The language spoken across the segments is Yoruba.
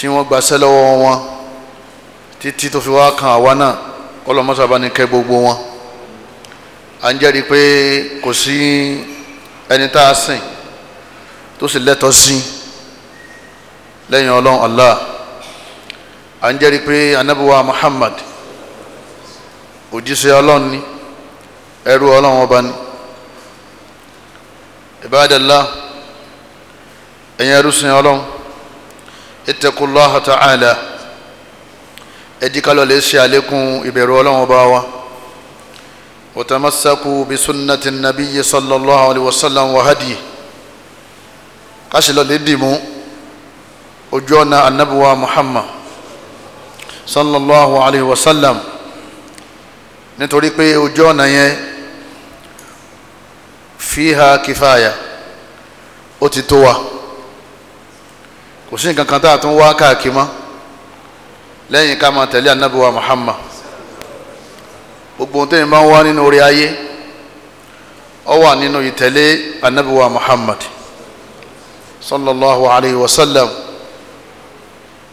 tí wọ́n gbaṣẹ́ lọ́wọ́ wọn títí tó fi wá kan àwa náà kọlọmọsàbá ní kẹ́ gbogbo wọn à ń jẹ́rìí pé kò sí ẹni tá a sìn tó sì lẹ́tọ̀ọ́ sí lẹ́yìn ọlọ́run Allah à ń jẹ́rìí pé anabiwa Muhammad òjíṣẹ́ ọlọ́run ni ẹrú ọlọ́run ọba ni ibadallah ẹ̀yin ẹrú sìn ọlọ́run. اتقوا الله تعالى ẹdí kálọ̀ lè ṣe àlékún ìbẹ̀rù ọlọ́run bá wa wòtàmásàkù bí sunnati nabiyyi sallallahu alayhi wa sallam wa hadi kásìlọ̀ lè dìmú ojú ọ̀nà anabiwa muhammad sallallahu alayhi wa sallam nítorí pé ojú ọ̀nà yẹn fíha kìfàyà ó ti tó wa kò sí nǹkan kan tá a tún wá káàkiri mọ́ lẹ́yìn ká máa tẹ̀lé anabi wa Muhammad gbogbo ohun tẹ́yìn máa ń wá nínú orí ayé ó wà nínú ìtẹ̀lé anabi wa Muhammad sallallahu alayhi wa sallam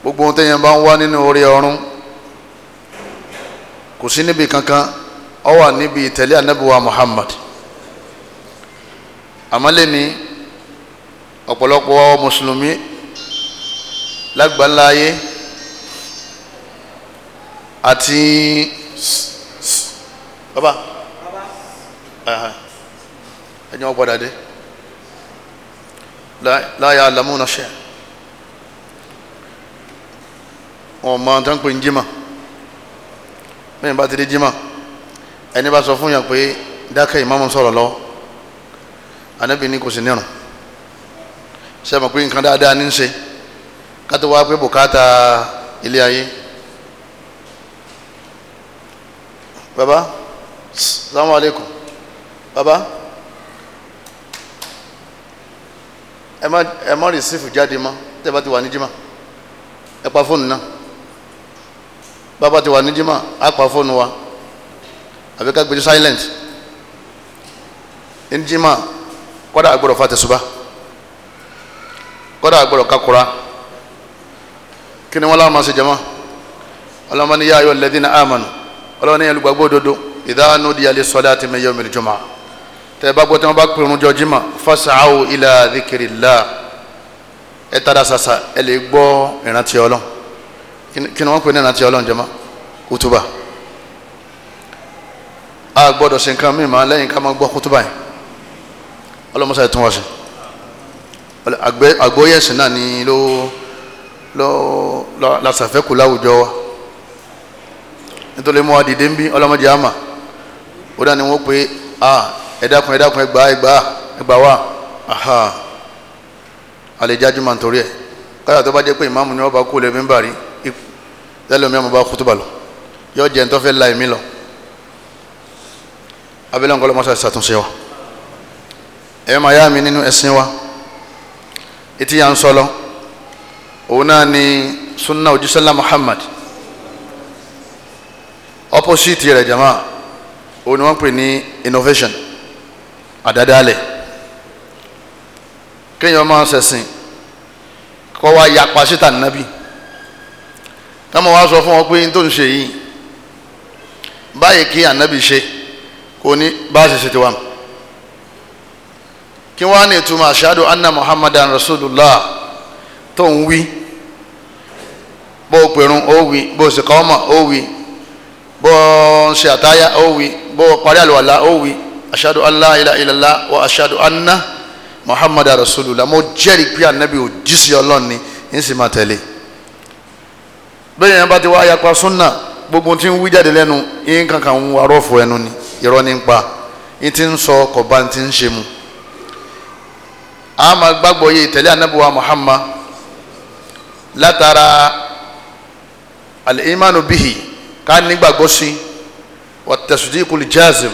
gbogbo ohun tẹ́yìn ń wá nínú orí ọ̀run kò sí níbi kankan ó wà níbi ìtẹ̀lé anabi Muhammad àmọ́ lẹ́ni ọ̀pọ̀lọpọ̀ mùsùlùmí lágbàlá ayé àti bàbá ẹni wọn padà dé láyà àlámúna ṣe wọn mọ tó ń pè ní jimá bẹ́ẹ̀ bá ti dé jimá ẹni bá sọ fún yàn pé dákẹ́ ìmáàmù sọ̀rọ̀ lọ́wọ́ anábì ní kò sí nírun ṣe é mọ̀ pé nǹkan dáadáa ní í ṣe kátó wá pé bùkátà ilé ayé baba salamu aleykum baba ẹ má ẹ má rìsífù jáde mọ́ tẹ́ bá ti wà ní jimá ẹ pa fóònù náà bàbá ti wà ní jimá á pa fóònù wa àbí ká gbèjú silent ní jimá kọ́dà àgbọ̀dọ̀ fa kọ́dà àgbọ̀dọ̀ kakura kí ni wọ́n láwọn máa ṣe jama ọlọ́mọ ní yáyọ lẹ́dínà àmánù ọlọ́mọ ní yẹn olùgbàgbọ́ òdodo ìdáhànú di alẹ́ sọ́lá àti mẹ́yọ́ mẹ́rin jọmọ́ tẹ́ ẹ bá gbọ́ tí wọ́n bá pè irun jọ jimá fas'aw ila dhikrillah ẹ tada sàṣà ẹ lè gbọ́ ìrántí ọlọ́n kí ni wọ́n pè ní ìrántí ọlọ́n jama kutuba a gbọ́dọ̀ ṣe nǹkan mímọ́ lẹ́yìn ká máa kutuba yẹn ọlọ́mọ sáyẹ tún wá sí àgbóyẹ̀sìn náà ni ló. Lo lọ lásàfẹ́kù láwùjọ wa nítorí mọ́ adìde ń bí ọlọ́mọdé àmà ó dá ní wọ́n pé a ẹ̀dákun ẹ̀dákun ẹgbà ẹgbà ẹgbà wà aha àlejájú máa ń torí ẹ̀ káyà tó bá jẹ́ pé ìmáàmù ni wọ́n bá kú lè mí bàrí tẹ́lẹ̀ omi ọmọ bá kú tó bà lọ yọ jẹ́ ń tọ́fẹ́ la ẹ̀mí lọ abẹ́lẹ́ nǹkan lọ́mọ́sá ṣàtúnṣe wa ẹ̀yọ́ máa yá mi nínú ẹ̀sìn wa etí ya ń sọ lọ́wọ́ òun náà ni sunna ojúsọ́lá muhammad opposite rẹ̀ jama òun ni wọ́n pè ní innovation àdádálẹ̀ kéèyàn máa ṣẹ̀sìn kọ́ wa yapa síta nàbì táwọn wá sọ fún wọn pé tó ń ṣe yìí báyìí kí ànábì ṣe kò ní bá a ṣe ṣe tiwa kí wọ́n á ní ìtumọ̀ ashadu anna muhammadan rasulullah tó ń wí bó o pèrún ó wí bó o sì kọ́ ọmọ ó wí bó o ṣe àtáyà ó wí bó o parí àlùwàlá ó wí ashadu allah ilaha illallah wa ashadu anna muhammadu rasulullah mo jẹ́rìí pé anabi ò jísí ọlọ́run ni ń sì máa tẹ̀lé bẹ́ẹ̀ yẹn bá ti wá ayapa súnà gbogbo tí ń wí jáde lẹ́nu yín kankan ń wá rọ́ọ̀fù ẹnu ni irọ́ ní pa yín ti ń sọ ọkọ̀ bá ti ń ṣe mu a máa gbàgbọ́ yé ìtẹ̀lé anabi wa muhammad látara al-imanu bihi ká nígbàgbọ́ sí wa tasdiqul jazim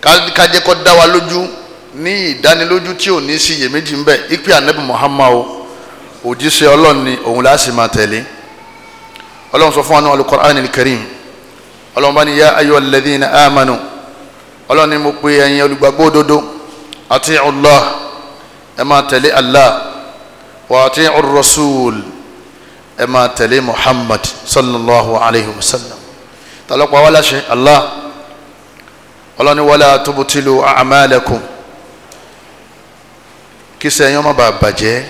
ká jẹ́ kó dá wa lójú ní ìdánilójú tí ò ní sí iyèméjì ń bẹ ipe anabi muhammadu òjíṣẹ́ ọlọ́run ni òun láà sì máa tẹ̀lé ọlọ́run sọ fún anu al-Qur'an al-Karim ọlọ́run bá ní ya ayyuhal ladhina amanu ọlọ́run mo pe ẹ̀yin olùgbàgbọ́ òdodo ati'u Allah ẹ máa tẹ̀lé Allah wa ati'u ar-rasul ẹ máa tẹ̀lé muhammad sallallahu alayhi wa sallam talọ́pọ̀ wàhálà ṣe allah ọlọ́ni wala tubutilu a'malakum kí sẹ́yìn ọmọ bàa bàjẹ́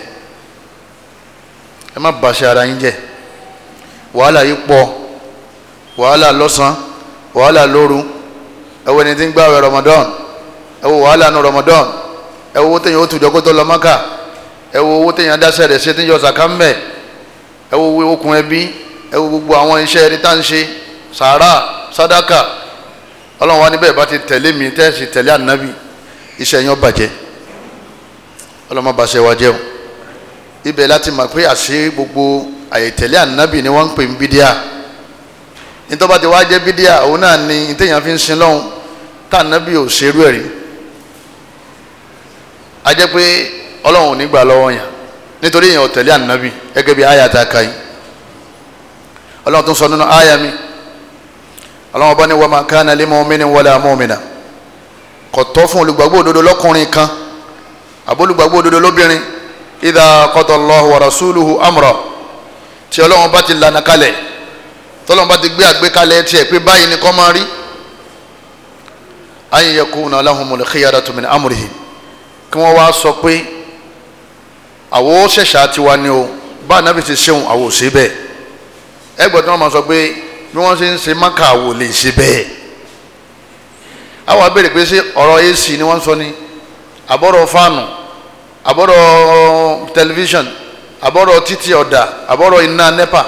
ẹ má bàṣẹ ara yín jẹ́ wàhálà yìí pọ̀ wàhálà lọ́sàn wàhálà lóru ẹ wo ẹni tí ń gbààwẹ̀ ramadan ẹ wo wàhálà nu ramadan ẹ owó téèyàn ó tùjọ́ kó tó lọ Mákà ẹ owó téèyàn dáṣẹ́ rẹ̀ ṣe tí ń yọ sàkà ẹ wo wo okùn ẹbí ẹ wo gbogbo àwọn iṣẹ́ ẹni tá à ń ṣe sàárà sádàkà ọlọ́run wa níbẹ̀ bá ti tẹ̀lé mi tẹ́sí tẹ̀lé ànábì iṣẹ́ yẹn bàjẹ́ ọlọ́run má bàṣẹ wa jẹ́ o ibẹ̀ láti mọ̀ pé àṣé gbogbo àyètẹ̀lé ànábì ni wọ́n ń pè ní bídíà nítorí bá ti wá jẹ́ bídíà òun náà ni ìtẹ̀yàn fi ń sin lọ́hùn tá ànábì ò ṣerú ẹ̀rí a jẹ́ pé ọlọ́run ò ní gbà lọ́wọ́ yàn nítorí yẹn ò tẹ̀lé ànábì gẹ́gẹ́ bí àyà tá a kà yìí ọlọ́run tó sọ nínú àyà mi ọlọ́run bá ní wa ma kana li mu'minin wala mu'mina kò tọ́ fún olùgbàgbọ́ òdodo lọ́kùnrin kan àbólùgbàgbọ́ òdodo lóbìnrin idha qatallahu wa rasuluhu amra tí ọlọ́run bá ti lànà kalẹ̀ tọ́lọ́run bá ti gbé àgbékalẹ̀ tiẹ̀ pé báyìí ni kọ́ máa rí an yakuna lahumul khiyaratu min amrihim kí wọ́n wá sọ pé àwo ṣẹ̀ṣà tiwa ni o bá anabi ti ṣeun àwo ṣe bẹ́ẹ̀ ẹgbẹ́ tí wọ́n máa sọ pé bí wọ́n ṣe ń ṣe maka àwo lè ṣe bẹ́ẹ̀ àwọn abéèrè pé ṣé ọ̀rọ̀ ac ni wọ́n sọ ni àbọ̀rọ̀ fáànù àbọ̀rọ̀ tẹlifíṣàn àbọ̀rọ̀ títí ọ̀dà àbọ̀rọ̀ iná nepa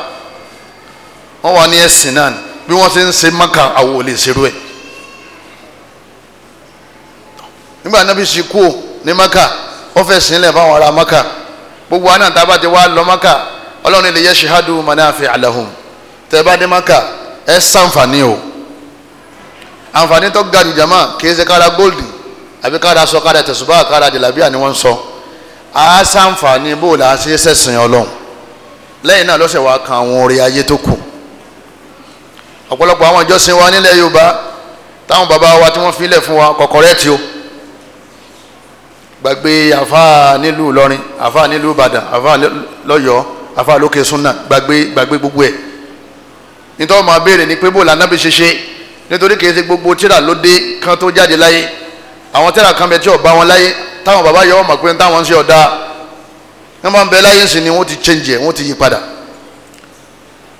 wọ́n wà ní ẹ̀sìn náà bí wọ́n ṣe ń ṣe maka àwo lè ṣerú ẹ̀ nígbà náà ṣe kú ní maka ó fẹ́ sílẹ̀ fáwọn ará maka gbogbo àná tá a bá ti wá lọ maka ọlọ́run ilé yẹ ṣihadu manáfi alahum tẹ́ bá dé maka ẹ sànfàní o ànfàní tó ga jùjàmá kì í ṣe kára góòlì àbí kára sọ kára tẹ̀sùbá kára jìlábíà ni wọ́n sọ a sànfàní bó la ṣe sẹ̀sìn ọlọ́run náà lọ́sẹ̀ wàá kan àwọn orí ayé tó kù ọ̀pọ̀lọpọ̀ àwọn ìjọsìn wa nílẹ̀ yorùbá táwọn bàbá wa tí wọ́n filẹ̀ fún wa kọ̀kọ̀rẹ́ tí o gbàgbé àfa nílùú Ìlọrin àfa nílùú Ìbàdàn àfa lọ́yọ̀ọ́ àfa lókè súnà gbàgbé gbàgbé gbogbo ẹ̀ nítorí ọmọ abéèrè ni pé bó la nábì ṣe ṣe nítorí kìí ṣe gbogbo tíra ló dé kan tó jáde láyé àwọn tíra kan bẹ tí ò bá wọn láyé táwọn bàbá yọ ọmọ pé táwọn ń ṣe ọ̀dà wọn máa ń bẹ láyé sí ni wọn ti change ẹ wọn ti yí padà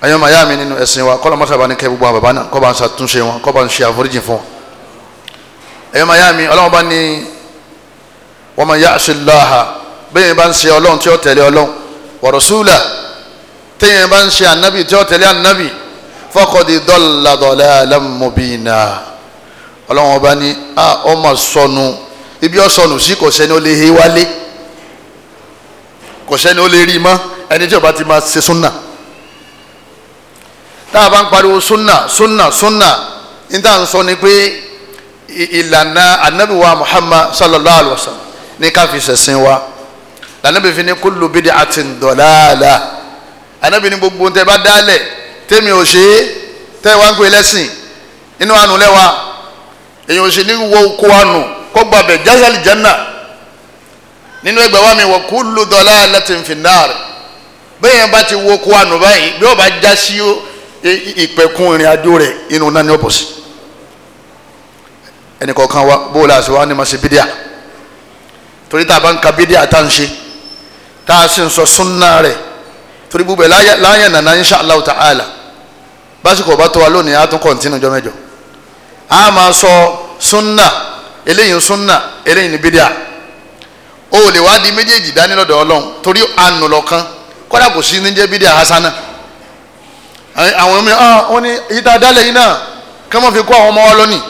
ayọ màyá mi nínú ẹ̀sìn wa kọ́lọ́ mọ́sàbá ní kẹ́ gbogbo àwọn bàbá náà kọ́ bá ń ṣàtúnṣe wọn kọ́ bá ń ṣe àforíjì fún wọn ayọ màyá mi ọlọ́wọ́n bá ní wa man ya'shi Allaha bẹ́ẹ̀ bá ń ṣe ọlọ́run tí ó tẹ̀lé ọlọ́run wa rasula tẹ́yìn bá ń ṣe ànábì tí ó tẹ̀lé ànábì faqad dalla dalalan mubina ọlọ́run ọba ní a ọmọ sọnù ibi ó sọnù sí kò sẹ́ni ó lè he wálé kò sẹ́ni ó lè rí i mọ́ ẹni tí ó bá ti máa ṣe súnà tá a bá ń pariwo súnà súnà súnà ní tá à ń sọ ni pé ìlànà ànábì wa Muhammad sallallahu alayhi wa sallam ní ká fi ṣẹ̀sìn wa lànàbí fi ní kullu bid'atin dalalah ànàbí ní gbogbo tẹ bá dálẹ̀ tẹ́mi ò ṣe é tẹ́ wá ń pè lẹ́sìn inú àánú lẹ́wà èyàn ò ṣe ní wo kó àánú kó gbàbẹ̀ jásàlì jẹ́nà nínú ẹgbẹ́ wa mi wa kullu dalalatin fin nar bẹ́ẹ̀ yẹn bá ti wo kó àánú báyìí bí ó já sí ìpẹ̀kun ìrìn àjò rẹ̀ inú náà ọ̀pọ̀ sí ẹnì kọ̀ọ̀kan wa bó o lè àṣewá ni màá ṣe bídíà torí tá a bá ń ka bídí àtànṣe tá a sì ń sọ súnná rẹ̀ torí búbẹ̀ láyẹ̀ nàná insha Allah ta'ala básìkò ọba tó wa lónìí á tún kọ̀ǹtínú jọ mẹ́jọ a máa sọ súnná eléyìí súnná eléyìí ní bídí à o lè wá di méjèèjì dání lọ́dọ̀ ọlọ́run torí àánú kọ́dà kò sí ní jẹ́ bídí à hasana àwọn mi ah wọ́n ní ìta dálẹ̀ yìí náà kí wọ́n fi kó àwọn ọmọ wa lónìí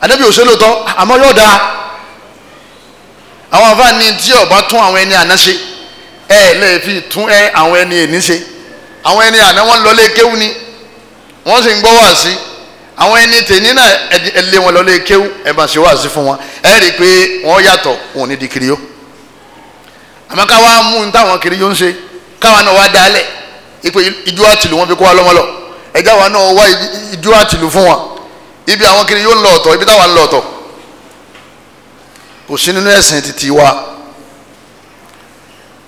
àdébí òṣèlú tọ́ àmọ́ yóò dáa àwọn afáàní tí ọba tún àwọn ẹni àná ṣe ẹ lè fi tún ẹ àwọn ẹni èní ṣe àwọn ẹni àná wọn lọlé kéwú ni wọn sì ń gbọ́ wá sí àwọn ẹni tèmi náà ẹ lé wọn lọlé kéwú ẹ bá ṣe wá sí fún wọn ẹ rí i pé wọn yàtọ̀ wọn ò ní di kiri yó ká wá mú un táwọn kiri ń ṣe káwọn náà wá dálẹ̀ ipe ijó àtìlù wọn fi kó wa lọ́mọlọ ẹjá wa náà wá ijó àtìlù fún wọn ibi àwọn kiri yó ń lọ ọ̀tọ̀ ibi táwa ń lọ ọ̀tọ̀ kò sí nínú ẹ̀sìn títí wa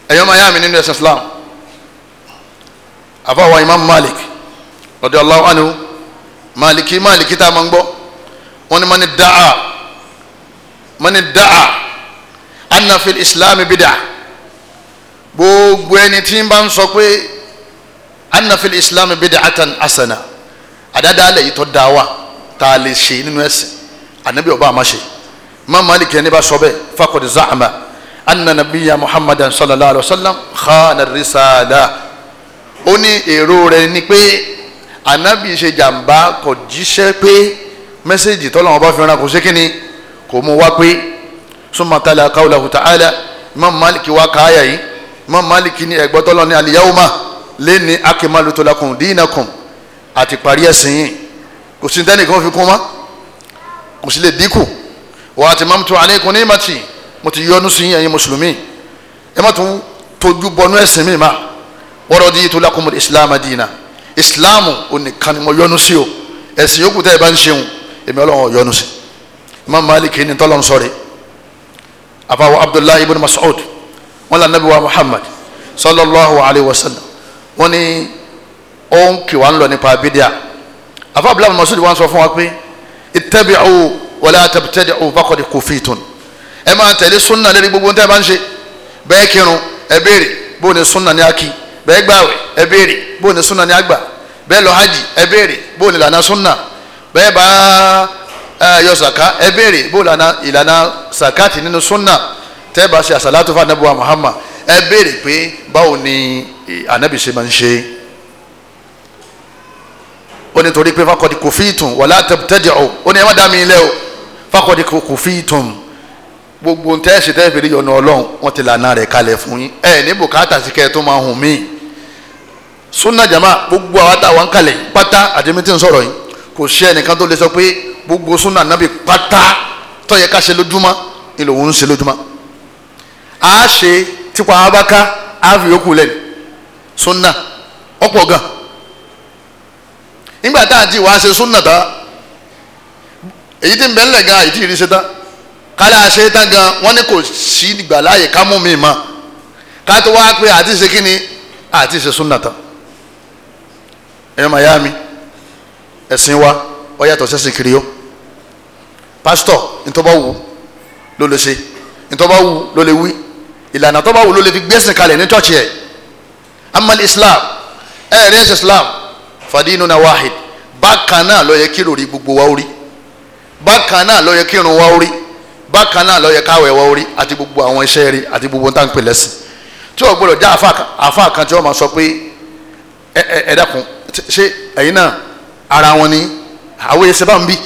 ẹ̀yọ́ máa yá mi nínú ẹ̀sìn Islam àbáwọ̀ Imam Malik radiyallahu anhu Maliki Maliki tá a máa ń gbọ́ wọ́n ní mani da'a mani da'a anna fil Islam bid'a gbogbo ẹni tí n bá ń sọ pé anna fil Islam bid'atan asana àdáda alẹ́ yìí tó dáa wa tá a lè ṣe nínú ẹ̀sìn ànábì ọba àmà ṣe ma malik yẹn ní bá sọ bẹ́ẹ̀ fakọ̀dé zahama anna nabiya muhammadan sallallahu alayhi wa sallam khana risala ó ní èrò rẹ̀ ni pé anabi ṣe jàǹbá kò jíṣẹ́ pé mẹ́sẹ̀gì tọ́lọ́wọ́n bá fi ran kò ṣe kínni kò mú wá pé summa tala ta'ala imam malik wa káyà yìí imam malik ní ẹ̀gbọ́ tọ́lọ́ ní al-yawma lẹ́ni akmaltu lakum dinakum àti parí ẹ̀sìn kò sí ní tẹ́nìkan fi kún mọ́ kò sí lè dínkù wa atimamtu alaykum ni'mati mo ti yọ́nú sí ẹ̀yin mùsùlùmí ẹ má tún tójú bọnú ẹ̀sìn mi ma wa raditu lakumul islam dina islam onìkan ni mo yọ́nú sí o ẹ̀sìn yòókù tẹ́ ẹ bá ń ṣeun èmi ọlọ́run yọ́nú sí imam malik ni tọ́lọ́n sọ̀rẹ́ abawo abdullahi ibn mas'ud wọn là nabi wa muhammad sallallahu alayhi wa sallam wọn ni ó ń kí ń lọ nípa bídíà afa abdullahi ibn mas'ud wọn sọ fún wa pé ittabi'u wala tabtadi'u faqad kufitum ẹ máa tẹ̀lé sunna lórí gbogbo ntẹ́ bá ń ṣe bẹ́ẹ̀ kírun ẹ béèrè bó ni sunna ni a kí bẹ́ẹ̀ gbààwẹ̀ ẹ béèrè bó ni sunna ni a gbà bẹ́ẹ̀ lọ hajj ẹ béèrè bó ni lànà sunna bẹ́ẹ̀ bá yọ saka ẹ béèrè bó lànà ìlànà sakati nínú sunna tẹ́ bá ṣe àṣàlátù fún muhammad ẹ béèrè pé ni anabi ṣe máa ń ṣe ó ní torí pé fakọ̀dí kò fi ìtùn wàlá tabtadi'u ó ní ẹ má mi ilé o fakọ̀dé kò fi tùm gbogbo ntẹ́ ṣe tẹ́ fèrè yọ̀nà ọlọ́run wọ́n ti lànà rẹ̀ kalẹ̀ fún yín ẹ ní bùkátà sí kẹ́ẹ̀ tó máa hùn mí sunna jama gbogbo àwọn àtàwọn kalẹ̀ pátá àdèmí tí ń sọ̀rọ̀ yìí kò ṣe ẹnìkan tó lè sọ pé gbogbo sunna nabi pátá tó yẹ ká ṣe lójúmọ́ ni lòun ń ṣe lójúmọ́ a ṣe tipa abaka a fi yòókù sunna ọ̀pọ̀ gan nígbà tá à ń ti wá sunna tá èyí tí ń bẹ́ẹ̀ lẹ̀ gan àyè tí ì rí ṣe tán kálá ṣe tán gan wọ́n ní kò sí ìgbà láàyè ká mú mi mọ́ ká tó wá pé àti ṣe kíni àti ṣe súnà tán ẹ̀yọ́ màá yá mi ẹ̀sìn wa ọ yàtọ̀ sẹ́sìn kiri yó pásítọ̀ ntọ́ba wù ló lè ṣe ntọ́ba wù ló lè wí ìlànà tọ́ba wù ló lè fi gbẹ́sìn kalẹ̀ ní tọ́ọ̀chì ẹ̀ amal islam ẹ̀ẹ́dẹ́sì islam fadínú na wahid bákan náà ló yẹ kí lórí gbogbo wa ó bákan náà ló yẹ kírun wá orí bákan náà ló yẹ káwẹ̀ wá orí àti gbogbo àwọn iṣẹ́ rí àti gbogbo tá à ń pè lẹ́sìn tí o gbọ́dọ̀ já àfa kan tí wọ́n máa sọ pé ẹ ẹ ẹ ṣé ẹ̀yin náà ara wọn ni àwọn ẹsẹ̀ bá ń bì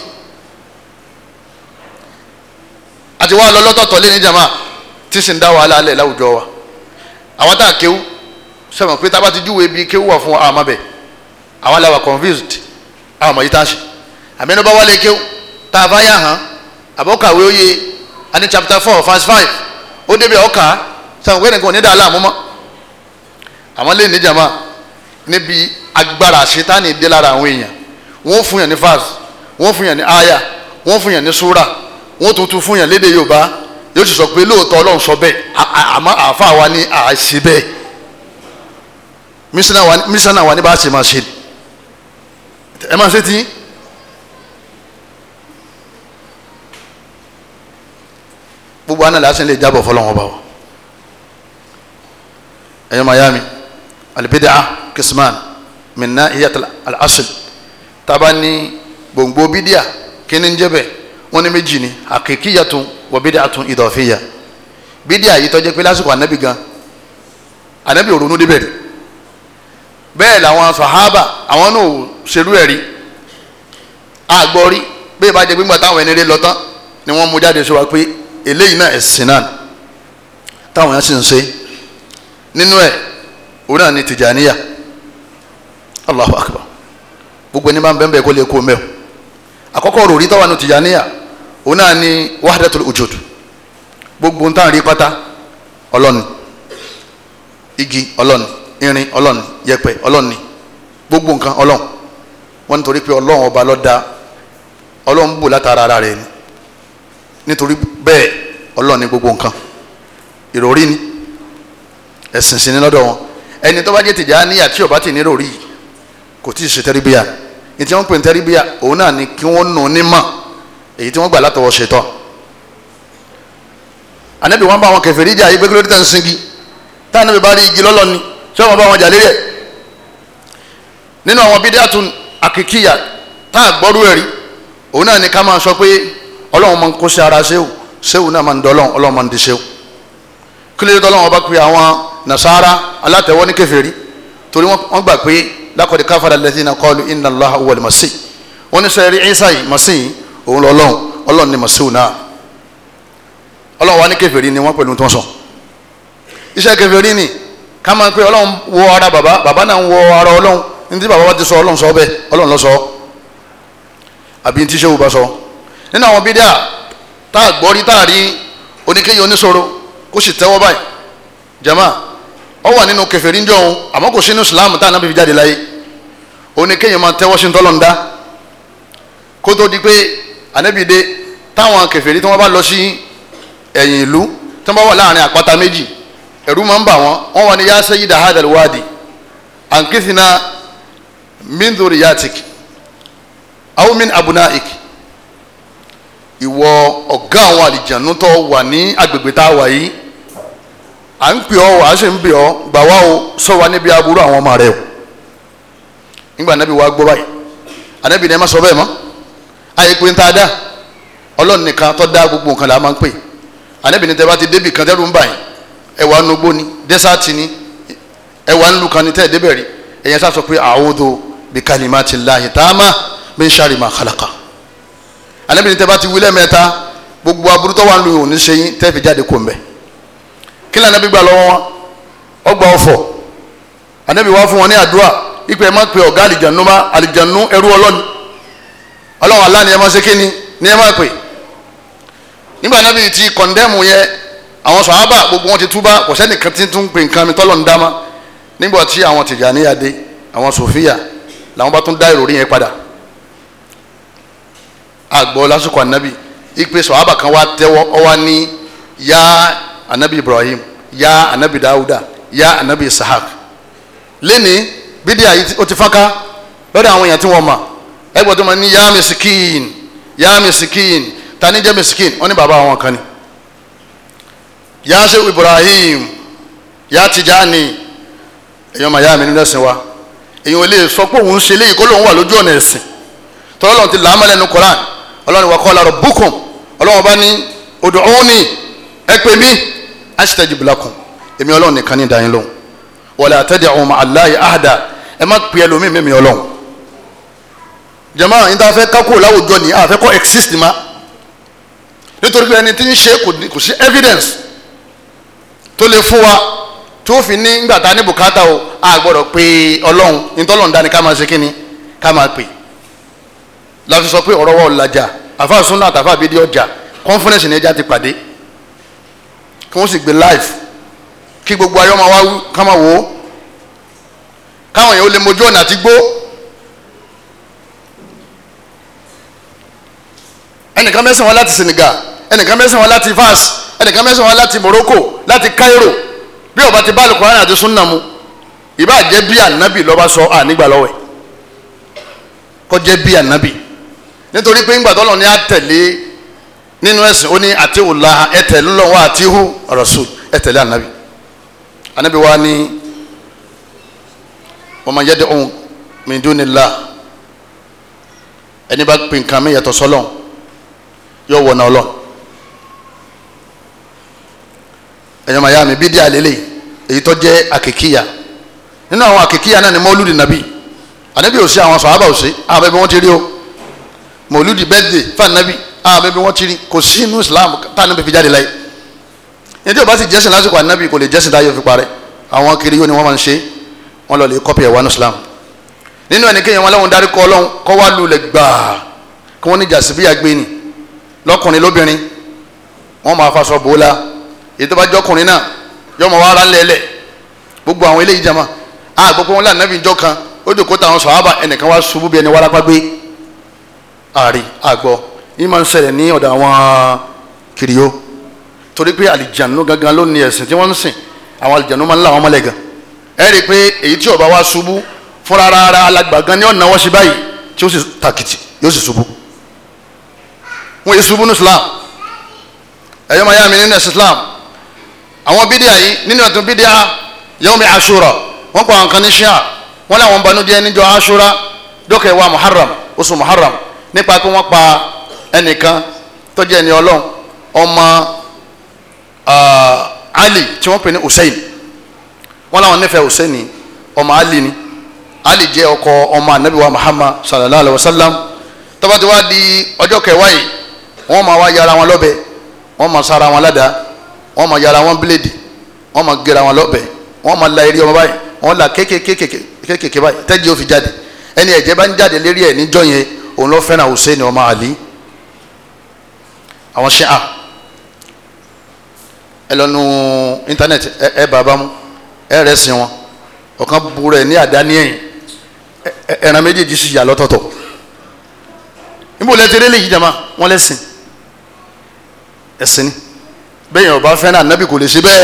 àti wá lọ lọ́tọ̀ọ̀tọ̀ lé ní jama tí sì ń dá wàhálà alẹ́ láwùjọ wa àwọn tá à kéwú sọ̀rọ̀ pé tá a bá ti júwèé bí kéwú wà fún wa àmọ́ bẹ̀ àwọn làwà confused àwọn ọmọ yìí tá a ṣe àmì tá a bá yà hàn àbọ̀kàwé ó yẹ ani chapter four verse five ó débi ọ̀kà sàwọn kẹ́ni kan ò ní dà á láàmú mọ́ àwọn lè ní jàmá níbi agbára ṣetánì dé lára àwọn èèyàn wọ́n fún yàn ní verse wọ́n fún yàn ní aya wọ́n fún yàn ní sura wọ́n tuntun fún yàn léde yorùbá yóò sì sọ pé lóòótọ́ ọlọ́run sọ bẹ́ẹ̀ àmọ́ àáfàá wa ní àṣì bẹ́ẹ̀ mísánà wa ní bá a ṣe máa ṣe ẹ máa ṣe tí gbogbo àná làásìn lè jábọ̀ fọlọ́wọn bá wa ẹ̀yọ́ mayami alibidaa kisman minna iyatal alasul taba ni gbòǹgbò bidia kíni ń jẹ́ bẹ́ẹ̀ wọ́n ní méjì ni hakikiyatun wa bidatun idafiya bidia yìí tó jẹ́ pé lásìkò anabi gan anabi òrònú débẹ̀ rí bẹ́ẹ̀ làwọn sahaba àwọn náà ṣerú ẹ̀ rí àgbọ̀rí bẹ́ẹ̀ bá jẹ́ pé ńgbà táwọn ni wọ́n mú jáde sọ wa pé eléyìí náà ẹ̀sìn náà táwọn yẹn sì ń ṣe nínú ẹ̀ òun náà ni tìjàníyà Allahu akbar gbogbo ẹni máa ń bẹ́ẹ̀ bẹ́ẹ̀ kó lè kó mẹ́ọ̀ àkọ́kọ́ rò rí táwọn ẹni tìjàníyà òun náà ni wahdatul wujud gbogbo ń tàn rí pátá ọlọ́ni igi ọlọ́ni irin ọlọ́ni yẹ̀pẹ̀ ọlọ́ni gbogbo nǹkan ọlọ́run wọn nítorí pé ọlọ́run ọba ló dá ọlọ́run bù látara ara rẹ̀ nítorí bẹ́ẹ̀ ọlọ́run ní gbogbo nǹkan ìròrí ni ẹ̀sìn sí ni lọ́dọ̀ wọn ẹni tó bá jẹ́ Tìjàníyà tí ó bá ti ní ìròrí yìí kò tí ì ṣe tẹ́ríbíyà ìtí wọ́n pè ní tẹ́ríbíyà òun náà ni kí wọ́n nù ní mọ̀ èyí tí wọ́n gbà látọwọ́ ṣetán anabi wọn bá wọn kèfèrí jà yìí gbégbé tán singi tá anabi bá rí igi lọ́lọ́ ni tí wọn bá wọn jà lérè nínú àwọn bídíàtún àkìkíyà tá a gbọ́rú ẹ̀rí òun náà ni ká máa sọ pé ọlọ́run máa ń kó sí ara ṣe sewu náà máa ń sewu ọba pe àwọn nasara alátẹ̀wọ́ ní kèfèrí torí wọ́n gbà pé lákọ̀dé káfàdà lẹ́sìn náà kọ́ọ̀lù inna Allaha huwa al wọ́n ní sẹ́yìn rí Isa yìí màsí yìí òun lọ ọlọ́run ni màsíwù náà ọlọ́run wa ní ni wọ́n pẹ̀lú tó ń sọ iṣẹ́ ni ká máa pé ọlọ́run wọ ara bàbá bàbá náà ń wọ ara taa a gbọ́ ri tá onisoro ko oníkéyìí oníṣòro kó sì tẹ́wọ́ jama ọ wà nínú kèfèrí njọ́ òun àmọ́ kò sínú islam tá a náà fi jáde láyé oníkéyìí máa tẹ́wọ́ sí ń tọ́lọ́ ń dá kó di pé ànábìde táwọn kèfèrí tí wọ́n bá lọ sí ẹ̀yìn ìlú tí wọ́n bá wà láàrin àpáta méjì ẹ̀rú máa ń bà wọ́n wọ́n wà ní yá sayyida min ìwọ ọ̀gá àwọn àlìjànú tó wà ní agbègbè tá a wà yìí à ń pè ọ́ wàá sì ń pè ọ́ gbà wá o sọ wa níbi aburú àwọn ọmọ rẹ o nígbà anábì wa gbọ́ báyìí anábì ní ẹ má sọ bẹ́ẹ̀ mọ́ àyè pé ń ta dá ọlọ́run nìkan tó dá gbogbo nǹkan là máa ń pè anábì ní tẹ́wá ti débì kan tẹ́rù ń bà yín ẹ̀wà nugbó ni dẹ́sáàtì ni ẹ̀wà ńlu kan ni tẹ́ẹ̀ débẹ̀ ẹ̀yẹn sá sọ pé a'udhu bi kalimatillahi taama min sharri ma khalaqa anabi ní tẹ́ bá ti wí lẹ́ẹ̀mẹ́ta gbogbo aburú tó wà ń lu òní ṣe yín tẹ́ fi jáde kó ń bẹ̀ kí lẹ́nu anabi gbà lọ́wọ́ wọn ọgbà anabi wá fún wọn ní àdúrà ipe ẹ pe ọ̀gá àlìjànú má àlìjànú ẹrú ọlọ́ni ọlọ́run alá ni ẹ má ṣe ni ni ẹ má pè nígbà anabi ti kọ̀ndẹ́mù yẹn àwọn sọ̀hábà gbogbo wọn ti túbà kò sẹ́nìkan tí tún pè nǹkan mi tọ́lọ̀ ń nígbà tí àwọn tìjà níyàdé àwọn sòfíà làwọn bá tún dá ìròrí yẹn padà àgbọ̀ lásìkò ànábì ìpè sọ̀hábà kan wá tẹ́wọ́ ọ ní anabi Ibrahim ya anabi dawuda ya anabi Isahak lẹ́ni bídíà ó ti fáká lọ́dọ̀ àwọn èèyàn tí wọ́n mọ̀ ni gbọ́dọ̀ mọ̀ ní misikin yá misikin tani jẹ́ misikin wọ́n ní bàbá àwọn kan ni ya ṣe Ibrahim ya Tijani èèyàn ma ya mi nínú ẹ̀sìn wa èèyàn ò lè sọ pé òun ṣe léyìí kó lóun wà lójú ọ̀nà ẹ̀sìn ọlọ́run wa qala rabbukum ọlọ́run bá ní ud'uni ẹ pè mí astajib lakum èmi ọlọ́run nìkan ní ìdáyín lóhùn wala tad'u ma'a Allahi ahada ẹ má pè ẹlòmíì mímì ọlọ́run jama n ta fẹ́ kákó láwùjọ ni a fẹ́ kọ́ exist ma nítorí pé ẹni tí ń ṣe kò sí evidence tó lè fún wa tó fi ní gbàtà ní bùkátà o a gbọ́dọ̀ pé ọlọ́run ní tọ́lọ́run dání ká máa ṣe kí ni ká máa pè é láti sọ pé ọ̀rọ̀ wa ò lajà àfa sunna àtàfà bíi di ọjà conference ní ẹja ti pàdé kí wọ́n sì gbé live kí gbogbo ayé ọmọ wa ká máa wò ó káwọn èèyàn ó lè mojú ọ̀nà àti gbó ẹnìkan mẹ́sàn-án wá láti Senegal ẹnìkan mẹ́sàn-án wá láti Fas ẹnìkan mẹ́sàn-án wá láti Morocco láti Cairo bí ọba ti bá Al-Qur'an àti sunna mu ìbá jẹ́ bí ànábì lọ́ba sọ ànígbà lọ́wẹ̀ kọ́ jẹ́ bí ànábì nítorí pé ńgbà tọ́lọ̀ ni á tẹ̀lé nínú ẹ̀sìn ó ní àti òla ẹ̀tẹ̀ lọ́wọ́ àti hu rasul ẹ̀tẹ̀lé ànábì ànábì wa ní wa man yad'u min dunillah ẹni bá pè nǹkan mi yàtọ̀ sọ́lọ́n yóò wọ̀ náà lọ ẹ̀yọ́ màyá mi bídí àlélẹ̀ èyí tó jẹ́ àkìkíyà nínú àwọn àkìkíyà náà ni mọ́lúdì nàbì ànábì ò sí àwọn sàhábà ò sí àwọn wọ́n ti rí o mọ̀lúdì bẹ́ẹ̀dẹ̀ fànàbí àbẹ̀bẹ̀ wọ́n ti rí kò sí inú islam tànàbí fi jáde láyé ní tí o bá ti jẹ́sìn lásìkò ànábì kò lè jẹ́sìn táyọ̀ fi parẹ́ àwọn kiri yóò ni wọ́n máa ń ṣe wọ́n lọ lè kọ́pì ẹ̀wà ní islam nínú ẹnikẹ́yìn wọn lọ́wọ́n darí kọ́ ọlọ́run kọ́ wá lulẹ̀ gbàá kí wọ́n ní jàsíbíyà gbé ni lọ́kùnrin lóbìnrin wọ́n máa faṣọ bò ó la èyí tó bá jọkùnrin náà yọmọ wa ara lẹ́lẹ̀ gbogbo àwọn eléyìí jama àgbọ̀pọ̀ wọn lànà àrí àgbọ̀ yìí máa ń ṣẹlẹ̀ ní ọ̀dọ̀ àwọn kìrìó torí pé àlìjànú gangan ló ní ẹ̀sìn tí wọ́n ń sìn àwọn àlìjànú máa ń là wọ́n mọ́lẹ̀ gan ẹ rí i pé èyí tí ọba wa ṣubú fúnra ara alàgbà gan ni ọ̀nà wọ́n ṣe báyìí tí ó sì tàkìtì yóò sì ṣubú wọ́n yìí ṣubú ní Islam ẹ̀yọ́ máa yá mi nínú ẹ̀sìn Islam àwọn bídíà yìí nínú ẹ̀tún bídíà yawmi Ashura wọ́n pa àwọn kan ní ṣíà wọ́n láwọn banújẹ́ níjọ́ Ashura dọ́kẹ̀ wa Muharram oṣù Muharram nípa pé wọ́n pa ẹnìkan tó jẹ́ ẹni ọlọ́run Ali tí wọ́n pè ní Hussein wọ́n láwọn nífẹ̀ẹ́ Hussein Ali ni Ali jẹ́ ọkọ ọmọ anabi wa Muhammad sallallahu alayhi wa sallam di ọjọ́ kẹwàá yìí wọ́n máa wá yára wọn lọ́bẹ wọ́n máa sára wọn ládàá wọ́n máa yára wọn bíléèdì wọ́n máa wọn lọ́bẹ wọ́n máa la eré ọmọ báyìí wọ́n la kékèké báyìí jáde ẹni òun ló fẹ́ràn Hussein ọmọ Ali àwọn ṣíà ah, ẹ lọ nu internet, ẹ bàbá mu ẹ rẹ̀ sìn wọn ọ̀kan burú ẹ̀ ní àdáni ẹ̀yìn ẹ̀ràn méjèèjì sì yà lọ́tọ̀ọ̀tọ̀ níbo lẹ ti rí lè yí jama wọn lẹ́sìn ẹ̀sìn ni bẹ́ẹ̀ yẹn ọba fẹ́ràn ànábì kò lè ṣe bẹ́ẹ̀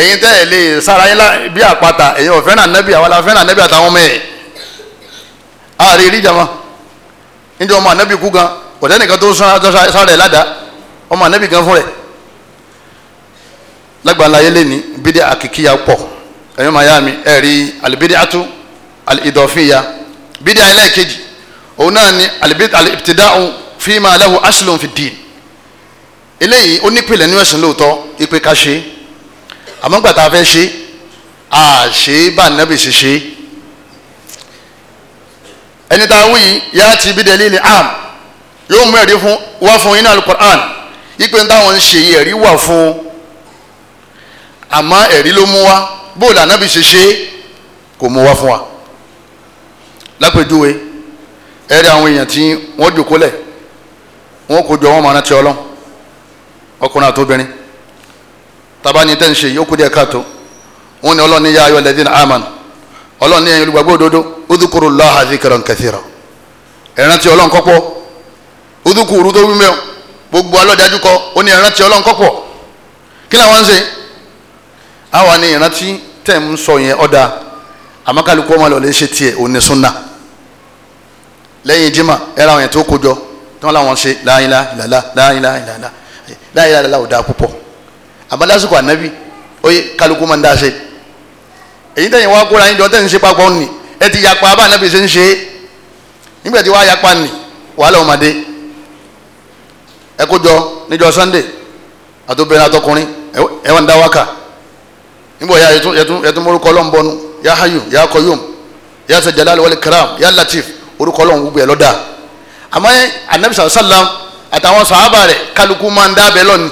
ẹ̀yin tẹ́ ẹ̀ lè sára yín bí àpáta ẹ̀yin ọ̀fẹ́ràn ànábì àwọn afẹ́ràn ànábì àtàwọn ọmọ ẹ̀ ààrẹ rí jama níjọ ọmọ anabi kú gan ọ̀dẹ́ nìkan tó sára ẹ̀ ládàá ọmọ anabi gan fún rẹ̀ lágbàlá yẹlẹ ní bídẹ àkìkíyà pọ̀ ẹ̀yọ́ màá yá mi ẹ̀ rí alibídẹ atu alidọ̀fìyà bídẹ ẹlẹ́ẹ̀kejì òun náà ni alibtida'u fima lahu aslun fi din eléyìí ó nípìnlẹ̀ nínú ẹ̀sìn lóòótọ́ ìpè ká ṣe àmọ́ gbàtà fẹ́ ṣe àṣe bá nàbì ṣe ṣe ẹni tá a wí yìí yá ti bí dẹ́lílì am yóò mú ẹ̀rí fún wá fún iná alukur'an ipe ń táwọn ń ṣe yìí ẹ̀rí wà fún àmọ́ ẹ̀rí ló mú wá bóòlù ànábì ṣe ṣe kò mú wá fún wa lápèjúwe ẹ̀rí àwọn èèyàn tí wọ́n jòkólẹ̀ wọ́n kò jọ wọ́n máa rántí ọlọ́ ọkùnrin àtobìnrin tàbá ni tẹ́ ń ṣe yìí díẹ̀ káàtó wọ́n ní ọlọ́ni yá ayọ̀ lẹ́dínà amán ọlọ́ni ẹ̀yin olùgbàgbọ́ òdodo udukuru laha zikran kathira ẹ̀rántí ọlọ́run kọ́pọ̀ udukuru tó wímẹ́ gbogbo alọ́dájú kọ ó ní ẹ̀rántí ọlọ́run kọ́pọ̀ kí làwọn ń ṣe àwa ni ìrántí tẹ̀ ń sọ yẹn ọ̀dà ọmọ ṣe tiẹ̀ súnà lẹ́yìn jimá ẹ̀rọ àwọn yẹn tó tí wọ́n láwọn ṣe láyìnlá làlá láyìnlá làlá láyìnlá ò dáa púpọ̀ àmọ́ lásìkò ànábì ó yẹ kálukú máa ń dá ṣe èyí tẹ̀yìn wá kóra yín jọ tẹ̀yìn ṣe ẹ ti yapa bá anabi ṣe ń ṣe nígbà tí wàá yapa nì wàhálà ọmọdé ẹ kó jọ níjọ́ sunday àtòbìnrin àtọkùnrin ẹ wà ń dá wákà nígbà yà yẹtún orúkọ ọlọ́run bọnu yà hayu yà kọyọm yà sọ jalal karam yà latif orúkọ ọlọ́run wúbu ẹ lọ́dà àmọ́ anabi sàlám àtàwọn sàhábà rẹ̀ kálukú máa ń dábẹ́ lọ́nìí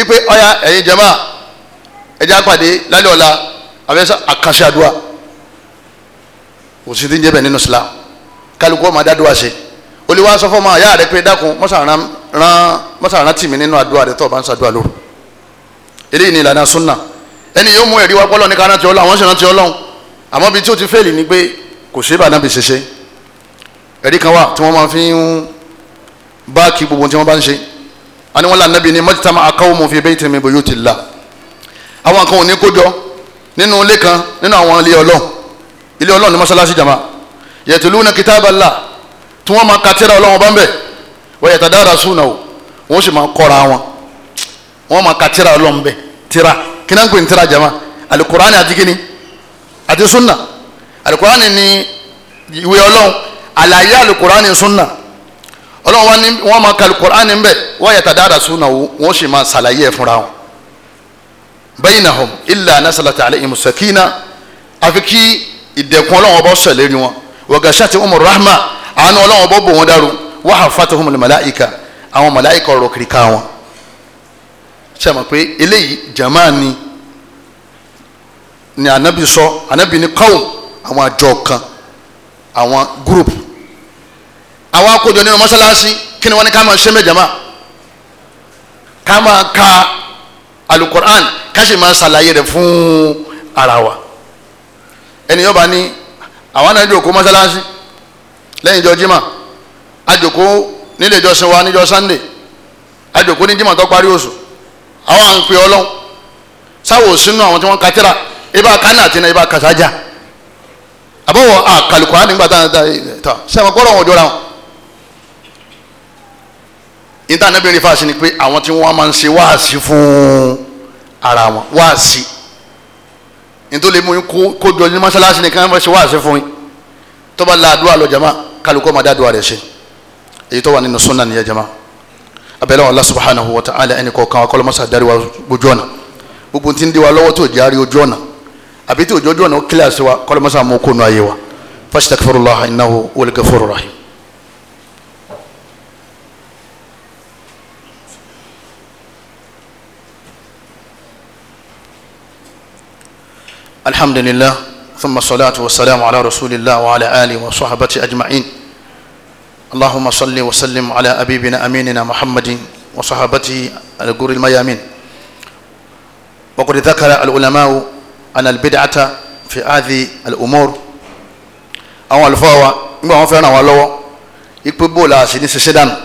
ipe ọya ẹ̀yin jama ẹja pàdé lálẹ́ ọ̀la àfẹsẹ àkànṣe àdúrà òsì tí ń jẹ bẹ nínú Islam kálukú ọmọ adádúrà ṣe olùwà sọ fọmọ àyà rẹ pé dákun mọ́sàrán tì mí nínú àdúrà rẹ tó o bá ń ṣàdúrà lóru eléyìí ni ìlànà súnà ẹni yóò mú ẹ̀rí wá pọ́lọ́ ní ká rántí ọlọ́run àwọn sì rántí ọlọ́run àmọ́ bíi tí o ti fẹ́ẹ̀lì ni pé kò ṣe é bàdàn bí ṣe kan wà tí wọ́n máa fi ń báàkì gbogbo tí wọ́n bá ń ṣe àníwọ̀n làǹdàbí ni mọ́títàmá akáwọ́ mọ̀ fi bẹ́ẹ̀ tẹ̀mí bòyó ti la àwọn kan ò ní kó nínú ilé kan nínú àwọn ilé ọlọ́run ilé ọlọ́run ní mọ́ṣáláṣí jama yatluna kitaballah tí wọ́n máa ka tírà ọlọ́run bá ń bẹ̀ wa yatadarasunahu wọ́n sì máa kọ́ra wọn wọ́n máa ka tírà ọlọ́run bẹ̀ tírà kí náà ń pè ní tírà jama alukurani àti kíni àti sunna alukurani ni ìwé ọlọ́run àlàyé alukurani sunna ọlọ́run wọn máa ka alukurani ń bẹ̀ wa yatadarasunahu wọ́n sì máa ṣàlàyé ẹ̀ fúnra wọn bainahum illa nasalata alayhim sakina àfi kí ìdẹ̀kùn ọlọ́wọ́n bọ́ sọ̀lẹ́ ni wọn wagashati umar rahma àánú ọlọ́wọ́n bọ́ bò wọn dárò wa hafatuhumul malaika àwọn malaika ọ̀rọ̀ kiri ká wọn. sẹ́mi pé eléyìí jama ni ni anabi sọ anabi ni kawm àwọn àjọ kan àwọn group àwọn akójọ nínú mọ́sálásí kí ni wọ́n ní ká máa ṣe mẹ́jọ máa ká máa ka alukur'an ká sì máa ṣàlàyé rẹ̀ fún ara wa ènìyàn bá ní àwọn náà jòkó mọ́sálásí lẹ́yìn ìjọ jimá àjòkó nílé ìjọsìn wa níjọ sannde àjòkó ní jimá tó parí oṣù àwọn à ń pè ọlọ́run sáwò sínú àwọn tí wọ́n katira ibà kánà àti ibà kàsájà àbọ̀wọ̀ àkàlùkọ́ á nígbà táwọn ta ta sẹ́wọ̀n kọ́ ọ̀rọ̀ jọra wọn. ìtànẹ́bìnrin fàṣẹ ni pé àwọn tí wọ́n máa ń ṣe wáàsí fún un ara wọn wáàsí nítorí mú kójọ ní mọ́sálásí nìkan fẹ́ ṣe wáàsí fún yín tó bá láàdúrà lọ jama kálukọ́ máa dáàdúrà rẹ̀ ṣe èyí tó wà nínú sunna nìyẹn jama abẹ́lẹ́ Allah subhanahu wa ta'ala ẹnì kọ̀ọ̀kan akọ́lọ́mọ́sá darí wa ojú ọ̀nà gbogbo tí ń di wa lọ́wọ́ tó járe ojú ọ̀nà àbí tí ojú ọ̀nà ó kílẹ̀ àṣewà kọ́lọ́mọ́sá mú kónú ayé wa fastaghfirullah innahu huwal ghafurur rahim. الحمد لله ثم الصلاة والسلام على رسول الله وعلى آله وصحبته أجمعين اللهم صل وسلم على أبيبنا أميننا محمد وصحابته الجور الميامين وقد ذكر العلماء أن البدعة في هذه الأمور أو الفاوة ما هو فينا ولو يكببوا لا سيدي سيدان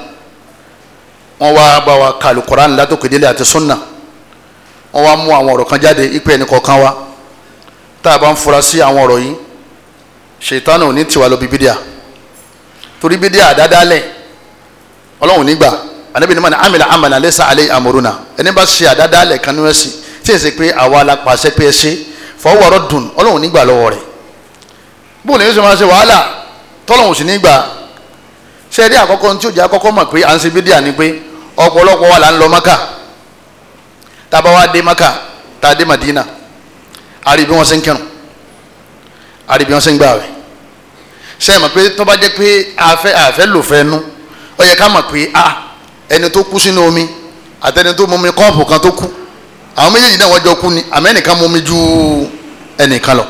ووا بوا قالوا القرآن لا تكدل أتي السنة ووا مو أمور كان جادي يكبين كوكان tá a bá ń fura sí àwọn ọ̀rọ̀ yìí ṣètánù ò ní tiwa lọ bí bídíà torí bídíà àdádálẹ̀ ọlọ́run nígbà anabi ni mani amila amala lesa ale amuruna ẹni bá ṣe àdádálẹ̀ kan nínú ẹ̀sìn tí èsì pé àwa la pàṣẹ pé ẹ ṣe fọwọ́rọ́ dùn ọlọ́run nígbà lọ́wọ́ rẹ̀ bóun ni yóò ṣe máa ṣe wàhálà tọ́lọ́run sì nígbà ṣe ẹ̀rí àkọ́kọ́ tí òjì àkọ́kọ́ mọ̀ pé à ń ṣe bídíà ni pé ọ̀pọ̀lọpọ̀ wa là ń lọ maka tá a bá wá dé maka tá a dé madina àrí bí wọ́n ṣe ń kírun àrí bí wọ́n ṣe ń gbààwẹ̀ ṣe é mọ̀ pé tó bá jẹ́ pé àfẹ́ àfẹ́ lò fẹ́ nu ó yẹ ká mọ̀ pé a ẹni tó kú sínú omi àtẹni tó mú mi kọ́ọ̀pù kan tó kú àwọn méjèèjì náà wọ́n jọ kú ni àmọ́ ẹnìkan mú mi ju ẹnìkan lọ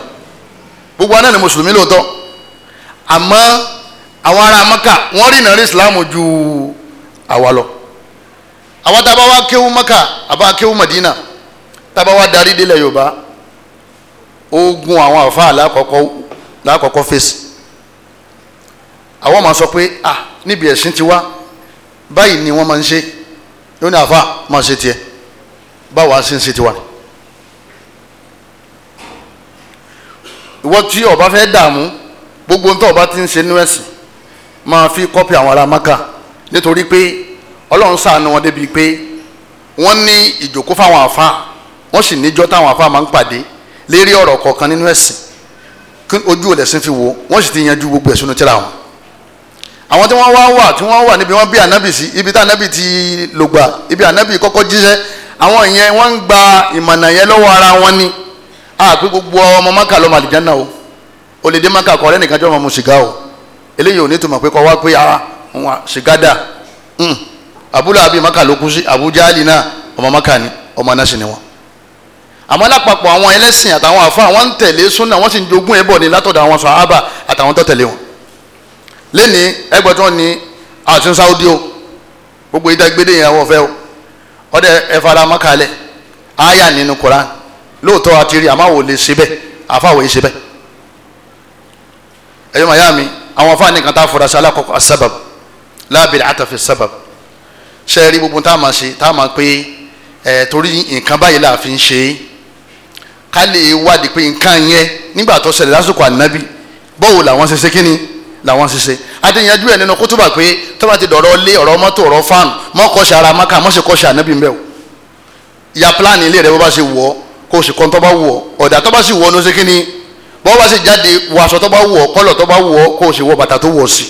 gbogbo aná ni mùsùlùmí lóòótọ́ àmọ́ àwọn ará maka wọ́n rí ìnáwó ìsìláàmù ju àwa lọ àwọn tá a bá wá kéwú maka àbá kéwú madina tá a bá wá darí délẹ̀ yorùbá ogun àwọn àfáà lákọ̀ọ́kọ́ lákọ̀ọ́kọ́ fèsì àwọn máa sọ pé ah níbi ẹ̀sìn ti wá báyìí ni wọ́n máa ń ṣe ó ní àfáà máa ṣe tiẹ̀ báwa ṣe ń ṣe tiwa. ìwọ tí o bá fẹ́ dààmú gbogbo ń tó o bá ti ń ṣe nínú ẹ̀sìn máa fi kọ́pì àwọn ará maka nítorí pé ọlọ́run ṣàánú wọn débi pé wọ́n ní ìjòkó fáwọn àfáà wọ́n sì níjọ́ táwọn àfáà máa ń pàdé lérí ọ̀rọ̀ kọ̀ọ̀kan nínú ẹ̀sìn ojú ẹlẹ́sìn fi wo wọ́n sì ti yanjú gbogbo ẹ̀sùn tíra wọn àwọn tí wọ́n wá wà tí wọ́n wà níbi wọ́n bí ànábì sí ibi tí ànábì ti lògbà ibi ànábì kọ́kọ́ jíṣẹ́ àwọn ìyẹn wọ́n ń gba ìmọ̀nà yẹn lọ́wọ́ ara wọn ni àpé gbogbo ọmọ maka lọ́mọ àlìjáná o o lè dé maka kọ́ ọ̀rẹ́ nìkan tí wọ́n mọ̀ mu sìgá o eléyìí ò ní tùmọ̀ pé kọ́ wá pé ara wọn sìgá dà abúlé àbí maka ló kú sí àbújá àmọ́ lápapọ̀ àwọn ẹlẹ́sìn àtàwọn àfa àwọn ń tẹ̀lé súnà wọ́n sì ń jogún ẹbọ ní látọ̀dọ̀ àwọn sàhábà àtàwọn tó tẹ̀lé wọn. lẹ́ni ẹgbẹ̀tàn ni àtún sáúdí o gbogbo ìdá gbédè yẹn àwọn ọ̀fẹ́ o ọ̀dẹ ẹ fara mọ́ kalẹ̀ àyà nínú koran lóòótọ́ àti rí àmọ́ àwò lè ṣe bẹ́ẹ̀ àfa àwò yìí ṣe bẹ́ẹ̀. ẹ̀yọ́ màyá mi àwọn afa nìkan tá a fura sí alákọ̀ọ́kọ́ sábàb láàbìrì àtàfẹ́ sábàb ṣe ká lè wádìí pé nǹkan yẹn nígbà tó ṣẹlẹ̀ lásìkò ànábì bọ́wọ́ làwọn ṣe ṣe kí ni làwọn ṣe ṣe adéyanjú ẹ̀ nínú kútùbà pé tó bá ti dọ̀rọ̀ lé ọ̀rọ̀ mọ́tò ọ̀rọ̀ fáànù mọ́kọ́ṣe ara maka mọ́ṣe kọ́ṣe ànábì ń bẹ̀ o ya pílánì ilé rẹ bó bá ṣe wọ̀ ọ́ kó o sì kọ́ tó bá wọ̀ ọ́ ọ̀dà tó bá sì wọ̀ ọ́ ló ṣe kí ni bó bá ṣe jáde wọ aṣọ tó bá wọ̀ ọ́ kọ́lọ̀ tó bá wọ̀ ọ́ kó o sì wọ bàtà tó wọ̀ sí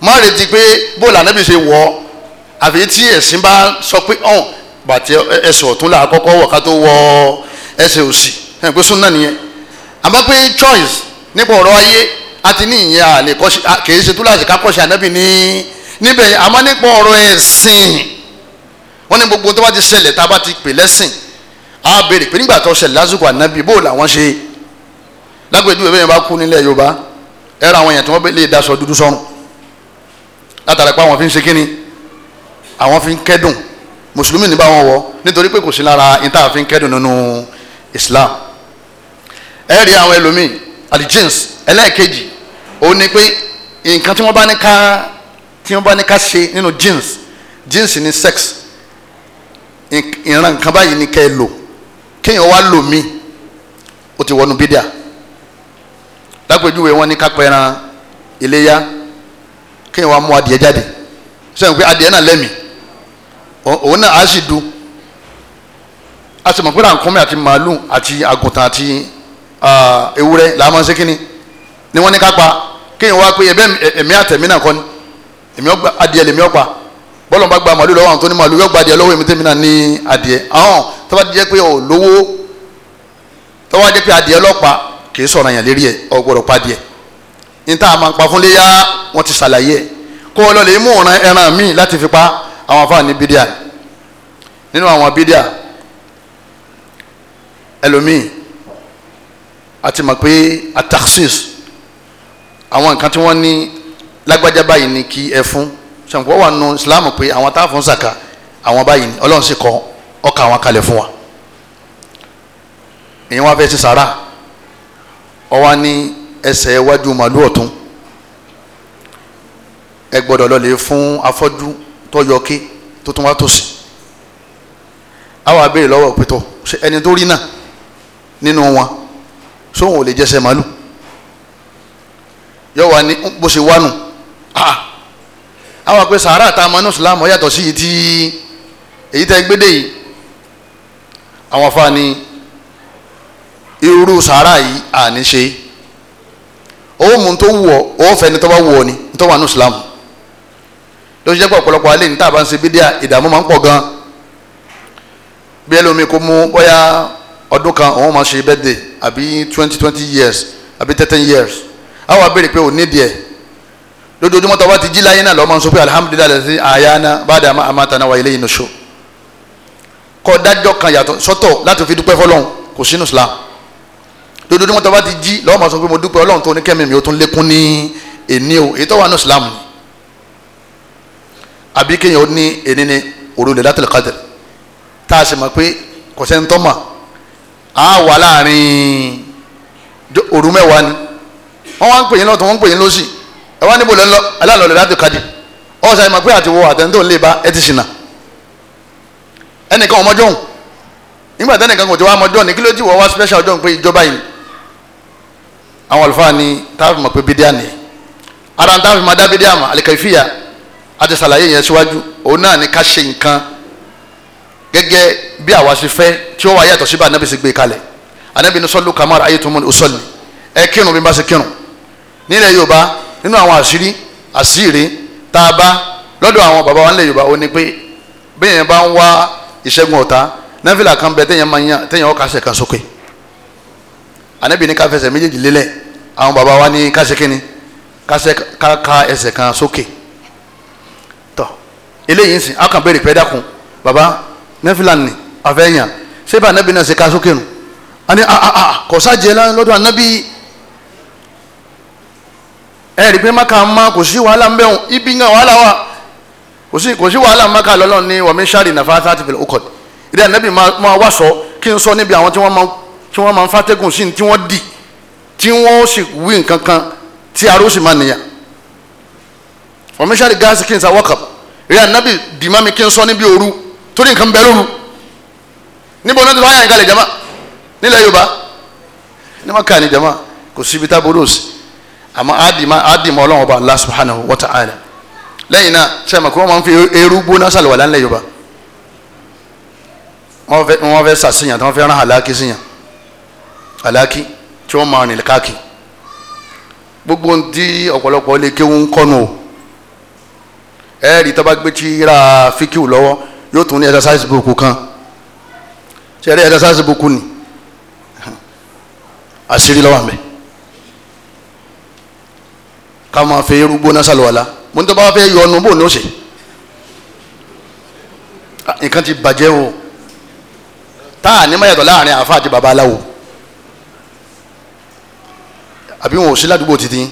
má retí pé bó lànábì ṣe wọ̀ àfi tí ẹ̀sìn bá sọ pé ọ̀n bàtì ẹsẹ̀ ọ̀tún là kọ́kọ́ wọ̀ ká tó wọ̀ ẹsẹ̀ òsì ẹ̀ pé súnà nìyẹn àmọ́ pé choice nípa ọ̀rọ̀ ayé àti ní ìyẹn àlè kọ́ṣe kìí ṣe túláàṣì ká kọ́ṣe ànábì ní níbẹ̀ àmọ́ nípa ọ̀rọ̀ ẹ̀sìn wọ́n ní gbogbo tó bá ti ṣẹlẹ̀ tá a bá ti pè lẹ́sìn á béèrè pé nígbà tó ṣẹlẹ̀ lásìkò ànábì bó làwọn ṣe lápèjúwe bẹ́ẹ̀ bá kú nílẹ̀ Yorùbá ẹ̀rọ àwọn èèyàn tí wọ́n lè daṣọ dúdú sọ́run látara pé àwọn fi ń ṣe kínni àwọn fi ń kẹ́dùn mùsùlùmí ní bá wọ nítorí pé kò sí lára ìta àfi ń kẹ́dùn nínú Islam ẹ rí àwọn ẹlòmíì alijins ẹlẹ́ẹ̀kejì òun ni pé nǹkan tí wọ́n bá ní ká tí wọ́n bá ní ká ṣe nínú jeans jeans ni sex ìran nǹkan báyìí ni kẹ́ ẹ lò kéèyàn wá lò mí ó ti wọnú bídíà lápèjúwe wọn ní ká pẹran iléyá kéèyàn wá mú adìẹ jáde sẹ́yìn pé adìẹ náà lẹ́mìí òun náà á sì dùn a sì mọ̀ pé ràǹkọ́mí àti màálù àti àgùntàn àti Ah, ewúrẹ́ làmọ́ sí kínní ni wọ́n ní ká pa kéèyàn wá pé ẹ̀bẹ́ ẹ̀mí àtẹ̀mí náà kọ́ ni ẹ̀mí ọgbà adìẹ lèmi ọgbà bọ́ọ̀lù bá gba màlúù lọ́wọ́ àwọn tó ní màlúù yọgbà adìẹ lọ́wọ́ èmi tèmi náà ní adìẹ àwọn tó bá jẹ́ pé ò lówó tó bá jẹ́ pé adìẹ lọ́pa kì í sọ̀rọ̀ yàn lérí ẹ̀ ò gbọ́dọ̀ pa adìẹ níta àmọ́ pa fún léyà wọ́n ti ṣàlàyé ẹ̀ kó o lọ lè ọ̀ràn ẹran míì láti fi pa àwọn afáàní bídíà nínú àwọn bídíà ẹlòmíì a ti mọ̀ pé ataxis àwọn nǹkan tí wọ́n ní lágbájá báyìí ni kí ẹ fún sànkó wà nù islam pé àwọn tá a àwọn báyìí ni ọlọ́run sì kọ ọkà àwọn kalẹ̀ fún wa èyí wọn fẹ́ ti sàrà ọwọ́ ní ẹsẹ̀ iwájú màlúù ọ̀tún ẹ gbọ́dọ̀ lọlẹ̀ fún afọ́jú tó yọ ké tó tún wá tòsí àwọn abéèrè lọ́wọ́ pẹ̀tọ́ ẹni tó rí náà nínú wọn. sóhun ò lè jẹsẹ màálù yóò wá ní bó ṣe wánu àwọn àpè sàárà tá a mọ ní ìsìlámù yàtọ̀ sí èyí tẹ́ gbédè yìí àwọn ni irú sàárà yìí ní ṣe owó mu tó wù owó ni tó bá wù ni tó wà ní ìsìlámù ló ṣe jẹ́ ọ̀pọ̀lọpọ̀ alẹ́ ní tá a bá ń ṣe bídíà ìdààmú máa ọdún kan òun máa ṣe birthday àbí twenty twenty years àbí thirteen years àwọn abéèrè pé ò ní díẹ̀ lójoojúmọ́ tó bá ti jí láyé náà lọ́ọ́ máa sọ pé alihamudulilayi lẹ́sìn àyáná báda amátana wa ilé ìnusọ kọ́ dájọ́ kan yàtọ̀ sọ́tọ̀ láti fi dúpẹ́ fọlọ́hún kò sínú Islam lójoojúmọ́ tó bá ti jí lọ́ọ́ máa sọ pé mo dúpẹ́ Ọlọ́run tó ní kẹ́mi mi ò tún lékún ní èní o èyí tó wà ní Islam ni àbí kéèyàn ó ní èní ni òru lè látìlẹ̀ kájẹ̀ tá a sì mọ̀ pé kò sẹ́ni tó mọ̀ á wà láàrin òru mẹ́wàá ni wọ́n wá ń pè yín lọ́tún wọ́n ń pè yín lọ́sì ẹ wá níbo lọ́lọ́ aláàlọ́lẹ̀ láti kadì ọ̀sán ìmọ̀ pé àtiwọ́ àtẹ̀ntò lè ba ẹ ti ṣìnà ẹnìkan ọmọjọ́ òun nígbà tẹ́nìkan kò ti wá ọmọjọ́ ni kí ló ti wọ́ wá special ọjọ́ pé ìjọba yìí àwọn àlùfáà ni táàfin mọ̀ pé bídíà nìyẹn ara táàfin mọ̀ dá bídíà mọ̀ àlìkàyífìyà àti sàlàyé yẹn síwájú òun náà ni ká ṣe nǹkan gẹ́gẹ́ bí àwa ṣe fẹ́ tí ó wà yàtọ̀ síbi anabi ṣe gbé kalẹ̀ anabi ní sọ́lù kamara ayétumọ̀ ní sọ́lù ẹ kírun bí n bá ṣe kírun nílẹ̀ yorùbá nínú àwọn àṣírí àṣírí tá a bá lọ́dọ̀ àwọn bàbá wa nílẹ̀ yorùbá ó ní pé bẹ́ẹ̀ bá ń wá ìṣẹ́gun ọ̀tá náfìlà kan bẹ téèyàn máa ń yàn téèyàn ọkà ṣe kan sókè anabi ní ká fẹsẹ̀ méjèèjì lélẹ̀ àwọn bàbá wa ní ká ṣe kínní nẹ́fìlà ni àfẹ́yàn ṣé bá anabi náà ṣe ká sókè nù a ní àà kò sájẹ lọ́dọ̀ anabi ẹ rí pé maka ma kò sí wàhálà ń bẹ̀ wọn ibi ń ga wàhálà wa kò sí kò sí wàhálà maka lọ́lọ́ ní wàmí sáré nàfà thirty fil okòd ìdí anabi máa wá sọ kí n sọ níbi àwọn tí wọ́n máa tí wọ́n máa ń fàtẹ́gùn sí tí wọ́n dì tí wọ́n sì wí nǹkan tí aró sì máa nìyà wàmí sáré gáàsì kí n sa wọ́kàp ìdí anabi dì mi kí n sọ níbi òru torí nǹkan bẹ lóru níbo náà ti wáyà nǹkan lè jama nílẹ̀ yorùbá ní ma kà ní jama kò síbi tá a borí òsì àmọ́ àdìmọ́ ọlọ́run ọba Allah subhanahu wa ta'ala lẹ́yìn náà sẹ́mi kí wọ́n máa ń fi eru gbóná sàlùwàlá ńlẹ̀ yorùbá wọ́n fẹ́ sàṣìyàn tí wọ́n fẹ́ rán àlákí síyàn àlákí tí wọ́n máa rìn káàkiri gbogbo ń di ọ̀pọ̀lọpọ̀ lè kéwọ́n kọ́nu ẹ̀ẹ́dì tó gbé tí ra fíkìw lọ́wọ́ yóò tún ní exercise book kan ṣe eré exercise book ni àṣírí lọ́wọ́ àmì ká máa fi irú gbóná sàlùwàlà mo ní tó bá fẹ́ yọ ọnu bò ní ó ah, nǹkan ti bàjẹ́ o tá a ní má láàrin àáfà àti baba aláwo àbí wọn ò sí ládùúgbò títí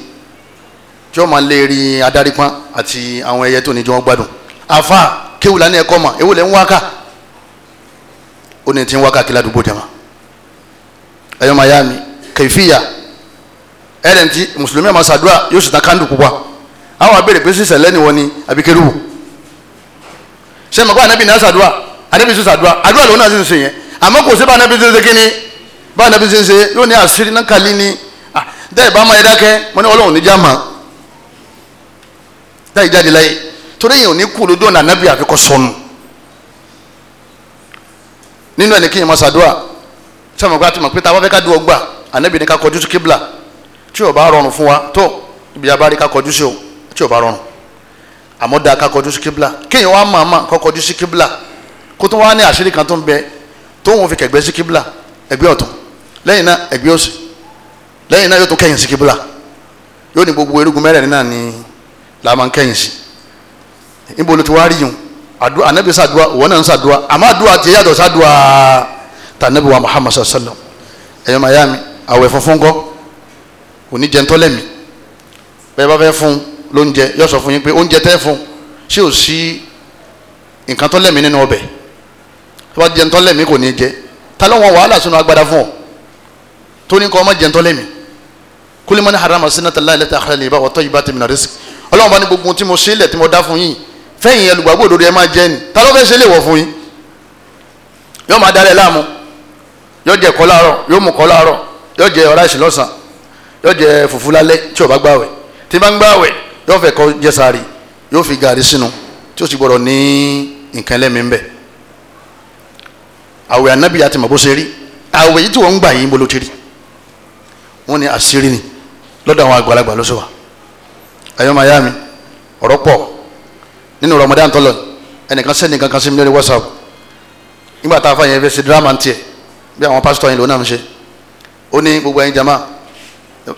tí wọ́n máa lè rí adarí pọ́n àti àwọn ẹyẹ tó ní jọ wọ́n gbádùn àáfà kéwù lánàá ẹ̀kọ́ mà èwo lẹ́ ń wákà ó ní ti ń wákà kílá àdúgbò jama ẹ̀yọ́ máa yá mi kẹfìyà ẹ̀rẹ̀ ti mùsùlùmí àmọ́ sàdúrà yóò sì ta kándù púpà àwọn abẹ́rẹ́ pé sísẹ̀ lẹ́nu wọn ni àbí kérúwù ṣé màkà ànábì náà sàdúrà ànábì sì sàdúrà àdúrà lòun náà sì ń sè yẹn àmọ́ kò sí bá ànábì sì ń ṣe kíni bá ànábì sì ń ṣe yóò ní àṣírí náà kàlí ni ah, dẹ́ẹ̀ bá máa yẹ dákẹ́ mo ní ọlọ́run níjà máa táyì jáde láyé torí èèyàn ò ní kú lójú ọ̀nà ànábì àfikọ́ sọnù nínú ẹni kéèyàn máa ṣàdúrà sọmọ gba ti mọ̀ pé tá a bá fẹ́ ká dúró gbà ànábì ní ká kọjú sí kíbla tí ò bá rọrùn fún wa tó ibi abárí ká kọjú sí o tí ò bá rọrùn àmọ́ dáa ká kọjú sí kíbla kéèyàn wá màmá kọ́ kọjú sí kíbla kó tó wá ní àṣírí kan tó ń bẹ tóun fi kẹ̀gbẹ́ sí kíbla ẹ̀gbẹ́ ọ̀tún lẹ́yìn náà ẹ̀gbẹ́ òsì lẹ́yìn náà yóò ni làá máa ń kẹ́yìn níbo ló ti wá rí yun àdúrà anabi sàdúà òun náà sàdúà àmọ́ àdúrà tiẹ̀ yàtọ̀ sàdúà tànàbí wa muhammad sallam ẹ̀yọ́ màyá mi àwẹ̀ funfun kọ́ òní jẹ́ ntọ́lẹ̀ mi bẹ́ẹ̀ bá fẹ́ fún lóúnjẹ yóò sọ fún yín pé oúnjẹ tẹ́ fún ṣé ò sí nǹkan tọ́lẹ̀ mi nínú ọbẹ̀ tó bá jẹ́ ntọ́lẹ̀ mi kò ní jẹ ta ló wọn wàhálà sínú agbada fún ọ tó ní kọ́ ọmọ jẹ́ ntọ́lẹ̀ mi haram asinatalayi lẹ́tà àkàlẹ́ ìbá wọ́tọ́ ìbá tẹ̀mínà rẹ́sì ọlọ́run bá ní gbogbo tí mo ṣe tí mo dá fún yín fẹ́yìn olùgbàgbọ́ òdodo ẹ máa jẹ́ ni ta ló fẹ́ ṣe lè wọ̀ fún yín yóò máa dalẹ̀ láàmú yóò jẹ ẹ̀kọ́ láàárọ̀ yóò mú ẹ̀kọ́ láàárọ̀ yóò jẹ ráìsì lọ́sàn yóò jẹ fùfú lálẹ́ tí o bá gbààwẹ̀ tí bá ń yóò kọ́ yóò fi gàrí sínú tí o sì gbọ́dọ̀ ní nǹkan ẹlẹ́mìí ń àti ṣe rí àwẹ̀ yìí tí bolo ti rí wọ́n ní àṣírí ni lọ́dọ̀ àwọn nínú Ramadan tọ́lọ̀ ẹnìkan sẹ́ni kankan sí mi lórí WhatsApp nígbà tá a fà yẹn fẹ́ ṣe drama ń tiẹ̀ bí àwọn pásítọ̀ yẹn lòun náà ń ṣe ó ní gbogbo ẹ̀yin jama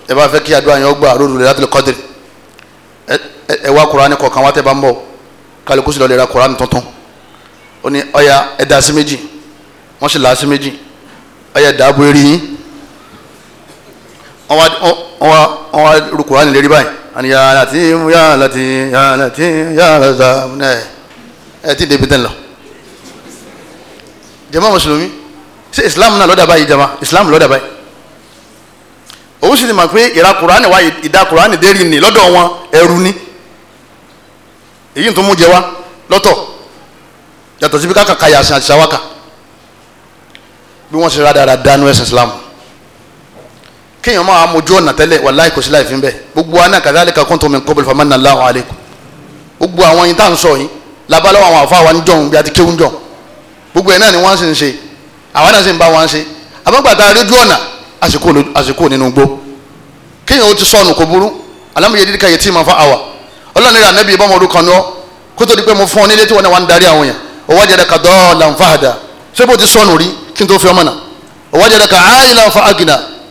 ẹ bá fẹ́ kí àdúrà yẹn ó gbà lóru Lailatul Qadr ẹ wá Kùránì kọ̀ọ̀kan wá tẹ́ bá ń bọ̀ kálukú sì lọ lè ra Kùránì tuntun ó ní ọ̀ya ẹ dá sí méjì wọ́n sì là á sí méjì ọ̀ya ẹ eré yín wọ́n wá wọ́n wá rú Kùránì lérí báyìí ani ya latim ya lati ya lati ya lazam nẹ ẹ ti débi tẹ́lẹ̀ lọ. jama mùsùlùmí se islam náà lọ́dà bayi jama islam lọ́dà bayi. òun sì ti mọ̀ pé ìra kuraani wa ìdá kuraani dérí ni lọ́dọ̀ wọn ẹrú ni èyí tó mú jẹ wá lọ́tọ̀ yàtọ̀ síbi káka kàyà àṣà àṣà wákà bí wọ́n ṣe rádaràda nu islam kéèyàn máa mójú ọ̀nà tẹ́lẹ̀ wàláì kò sí láì fi ń bẹ̀ gbogbo wa náà kadhalika kuntum min qablu famanna Allahu alaykum gbogbo àwọn yìí tá à ń sọ yìí labaláwo àwọn àfa wa ń jọ̀hún bí a ti kéwú ń jọ̀hún gbogbo ẹ̀ náà ni wọ́n sì ń ṣe àwa náà sì ń bá wọn ṣe àbọ̀gbàtà lójú ọ̀nà àsìkò nínú gbó kéèyàn ó ti sọnù kò burú alámúyẹ dídí káyẹ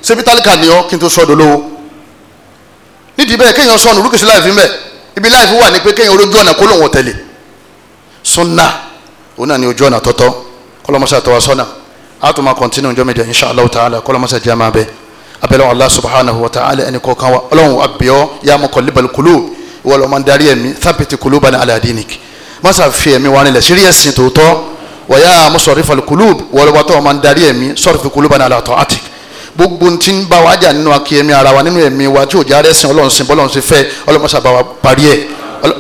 ṣebí tálíkà ni ọ́ kí n tó sọ́dọ̀ lówó nídìí bẹ́ẹ̀ kéèyàn sọnù rúkìsí láìfi mẹ́ ibi láìfi wà ní pé kéèyàn olójú ọ̀nà kó lòun ọ̀tẹ̀lẹ̀ sunna òun náà ni ojú ọ̀nà tọ́tọ́ kọlọmọsá tọwa sọ́nà a tún máa kọ́ntínú ọjọ́ méje insha allah ta'ala kọlọmọsá jẹ́ máa bẹ abẹ́lẹ́ allah subhanahu wa ta'ala ẹni kọ̀ọ̀kan wa ọlọ́run abiyọ́ ya muqallibal qulub ìwọ ló máa ń darí ẹ̀mí thabit qulubana ala dinik masa fi ẹ̀mí wa nílẹ̀ sírí ẹ̀sìn tòótọ́ wa ya musarrifal qulub ìwọ ló máa ń darí ẹ̀mí sarif qulubana ala ta'atik gbogbo tí ń bá wa jà nínú akíyẹmí ara wa nínú ẹ̀mí wa tí ò já rẹ́sìn ọlọ́run sìn bọ́lọ́run sì fẹ́ ọlọ́mọṣà bá wa parí ẹ̀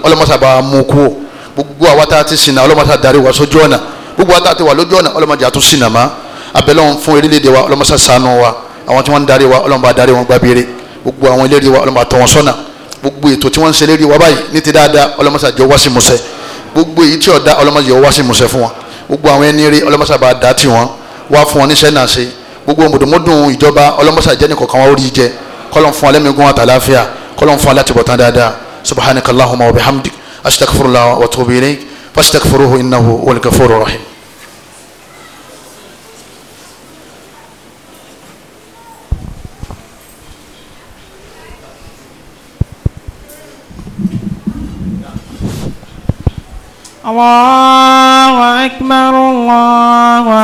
ọlọ́mọṣà bá wa mú kú o gbogbo àwa tá a ti sìn náà ọlọ́mọṣà darí wa sójú ọ̀nà gbogbo àwa tá a ti wà lójú ọ̀nà ọlọ́mọdé àtún sìn náà má abẹ́lẹ́wọ̀n fún erélédè wa ọlọ́mọṣà ṣàánú wa àwọn tí wọ́n ń darí wa ọlọ́mọba darí wọn gbàbére gbogbo àwọn eléré wa ọlọ́mọṣà jẹ́ gbogbo mùdùmùdùn ìjọba ọlọ́mọṣà jẹ́ nìkọ̀kan wọn ó rí jẹ kọ́lọ́n fún alẹ́ mi gún àtàláfíà kọ́lọ́n fún alẹ́ àtibọ̀tán dáadáa subhanaka allahumma wa bihamdik astaghfirullah wa atubu ilayk fastaghfiruhu innahu huwal ghafurur rahim. الله أكبر الله